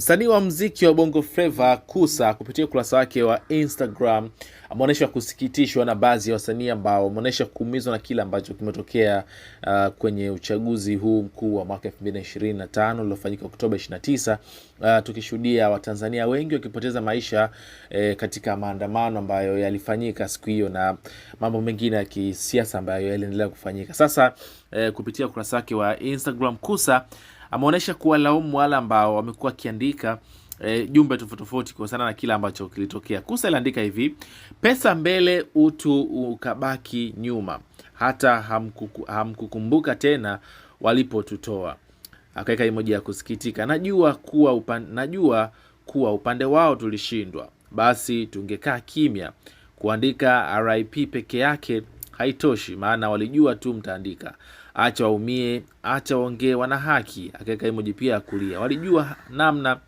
Msanii wa mziki wa Bongo Flava Kusa kupitia ukurasa wake wa Instagram ameonyesha kusikitishwa na baadhi ya wasanii ambao wameonyesha kuumizwa na kile ambacho kimetokea uh, kwenye uchaguzi huu mkuu wa mwaka 2025 uliofanyika Oktoba 29, uh, tukishuhudia Watanzania wengi wakipoteza maisha eh, katika maandamano ambayo yalifanyika siku hiyo na mambo mengine ya kisiasa ambayo yaliendelea kufanyika. Sasa eh, kupitia ukurasa wake wa Instagram Kusa ameonyesha kuwalaumu wale ambao wamekuwa wakiandika E, jumbe tofauti tofauti kuhusiana na kile ambacho kilitokea. Kusa aliandika hivi: pesa mbele, utu ukabaki nyuma, hata hamkuku, hamkukumbuka tena walipotutoa. Akaweka emoji ya kusikitika. Najua kuwa upande, najua kuwa upande wao tulishindwa, basi tungekaa kimya. Kuandika RIP peke yake haitoshi, maana walijua tu mtaandika. Acha waumie, acha waongee, wana haki. Akaweka emoji pia ya kulia. Walijua namna,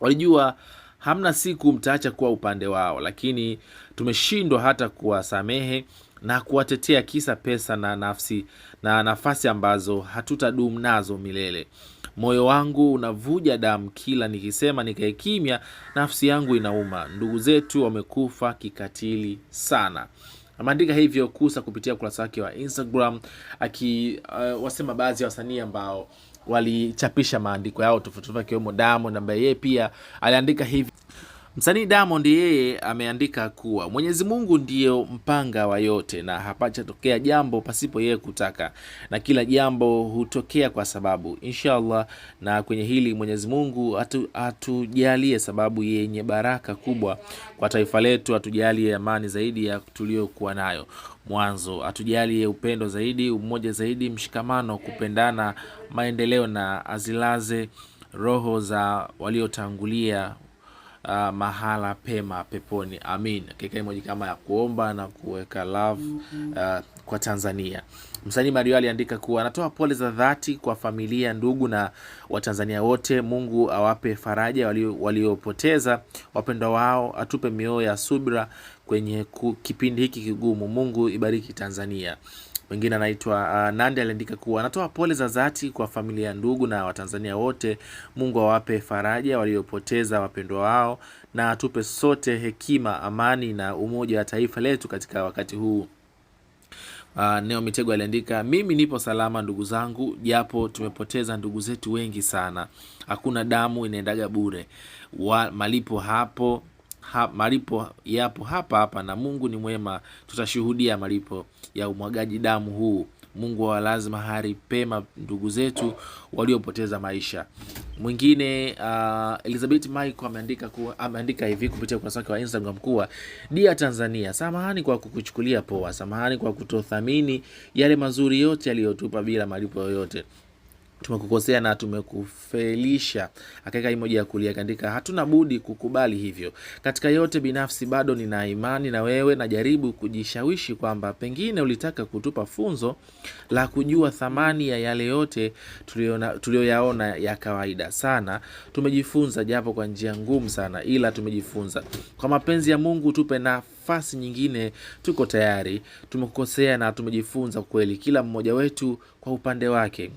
walijua hamna siku mtaacha kuwa upande wao, lakini tumeshindwa hata kuwasamehe na kuwatetea, kisa pesa na nafsi na nafasi ambazo hatutadumu nazo milele. Moyo wangu unavuja damu kila nikisema nikae kimya, nafsi yangu inauma. Ndugu zetu wamekufa kikatili sana. Ameandika hivyo Kusa kupitia ukurasa wake wa Instagram akiwasema eh, uh, baadhi ya wasanii ambao walichapisha maandiko yao tofauti tofauti, akiwemo Diamond ambaye yeye pia aliandika hivi Msanii Diamond yeye ameandika kuwa Mwenyezi Mungu ndiyo mpanga wa yote na hapachatokea jambo pasipo yeye kutaka, na kila jambo hutokea kwa sababu, inshallah. Na kwenye hili Mwenyezi Mungu atu, atujalie sababu yenye baraka kubwa kwa taifa letu, atujalie amani zaidi ya tuliyokuwa nayo mwanzo, atujalie upendo zaidi, umoja zaidi, mshikamano, kupendana, maendeleo na azilaze roho za waliotangulia uh, mahala pema peponi, amin. Katika emoji kama ya kuomba na kuweka love mm-hmm. uh, kwa Tanzania. Msanii Mario aliandika kuwa anatoa pole za dhati kwa familia, ndugu na Watanzania wote. Mungu awape faraja waliopoteza wali wapendwa wao, atupe mioyo ya subira kwenye kipindi hiki kigumu. Mungu ibariki Tanzania. Mwingine anaitwa uh, Nandi aliandika kuwa anatoa pole za dhati kwa familia, ndugu na Watanzania wote. Mungu awape faraja waliopoteza wapendwa wao, na atupe sote hekima, amani na umoja wa taifa letu katika wakati huu. Uh, Neo Mitego aliandika, mimi nipo salama ndugu zangu, japo tumepoteza ndugu zetu wengi sana. Hakuna damu inaendaga bure, malipo hapo ha, malipo yapo hapa hapa, na Mungu ni mwema, tutashuhudia malipo ya umwagaji damu huu. Mungu lazima hari pema ndugu zetu waliopoteza maisha. Mwingine uh, Elizabeth Michael ameandika kuwa ameandika hivi kupitia ukurasa wake wa Instagram kuwa dia Tanzania, samahani kwa kukuchukulia poa, samahani kwa kutothamini yale mazuri yote yaliyotupa bila malipo yoyote tumekukosea na tumekufelisha, akaweka emoji ya kulia, kaandika hatuna budi kukubali hivyo. Katika yote binafsi, bado nina imani na wewe, najaribu kujishawishi kwamba pengine ulitaka kutupa funzo la kujua thamani ya yale yote tuliyoyaona ya kawaida sana. Tumejifunza japo kwa njia ngumu sana, ila tumejifunza. Kwa mapenzi ya Mungu tupe nafasi nafasi nyingine, tuko tayari. Tumekosea na tumejifunza kweli, kila mmoja wetu kwa upande wake,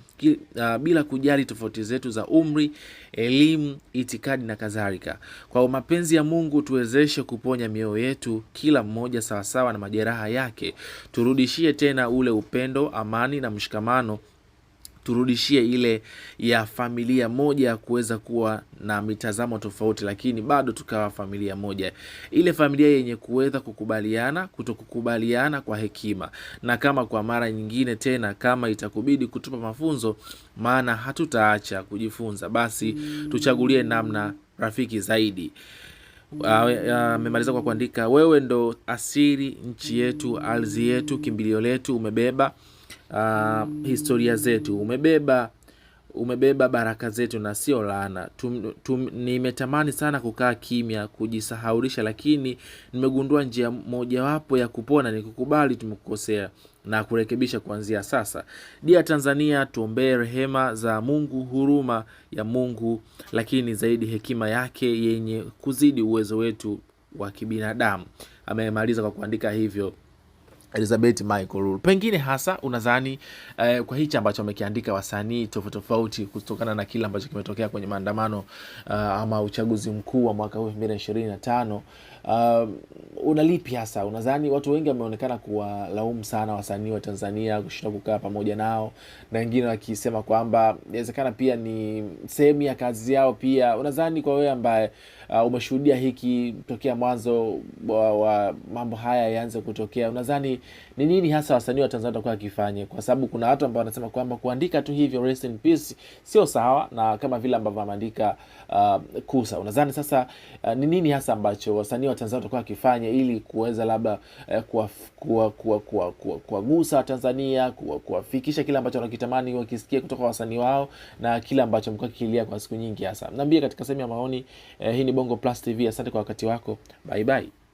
ah, bila kujali tofauti zetu za umri, elimu, itikadi na kadhalika. Kwa mapenzi ya Mungu tuwezeshe kuponya mioyo yetu, kila mmoja sawasawa na majeraha yake. Turudishie tena ule upendo, amani na mshikamano turudishie ile ya familia moja ya kuweza kuwa na mitazamo tofauti, lakini bado tukawa familia moja, ile familia yenye kuweza kukubaliana, kutokukubaliana kwa hekima. Na kama kwa mara nyingine tena, kama itakubidi kutupa mafunzo, maana hatutaacha kujifunza, basi tuchagulie namna rafiki zaidi. Amemaliza kwa kuandika, wewe ndo asiri, nchi yetu, ardhi yetu, kimbilio letu, umebeba uh, historia zetu, umebeba umebeba baraka zetu na sio laana. Nimetamani sana kukaa kimya, kujisahaulisha, lakini nimegundua njia mojawapo ya kupona ni kukubali tumekukosea na kurekebisha kuanzia sasa. Dia Tanzania, tuombee rehema za Mungu, huruma ya Mungu, lakini zaidi hekima yake yenye kuzidi uwezo wetu wa kibinadamu. Amemaliza kwa kuandika hivyo. Elizabeth Michael Rule. Pengine hasa unadhani eh, kwa hichi ambacho amekiandika wasanii tofauti tofauti kutokana na kile ambacho kimetokea kwenye maandamano uh, ama uchaguzi mkuu wa mwaka huu 2025 uh, unalipi hasa? Unadhani watu wengi wameonekana kuwalaumu sana wasanii wa Tanzania kushindwa kukaa pamoja nao na wengine wakisema kwamba inawezekana pia ni sehemu ya kazi yao pia. Unadhani kwa wewe ambaye uh, umeshuhudia hiki tokea mwanzo wa, wa mambo haya yaanze kutokea unadhani ni nini hasa wasanii wa Tanzania watakuwa wakifanye, kwa sababu kuna watu ambao wanasema kwamba kuandika tu hivyo rest in peace sio sawa na kama vile ambavyo ameandika uh, Kusa. Unadhani sasa uh, ni uh, nini hasa ambacho wasanii wa Tanzania watakuwa wakifanya ili kuweza labda uh, eh, kuwagusa kuwa, kuwa, kuwa, kuwa, kuwa Tanzania kuwafikisha kuwa kile ambacho wanakitamani wakisikia kutoka wasanii wao na kile ambacho mko kilia kwa siku nyingi hasa. Mnaambia katika sehemu ya maoni. Uh, hii ni Bongo Plus TV. Asante kwa wakati wako. Bye bye.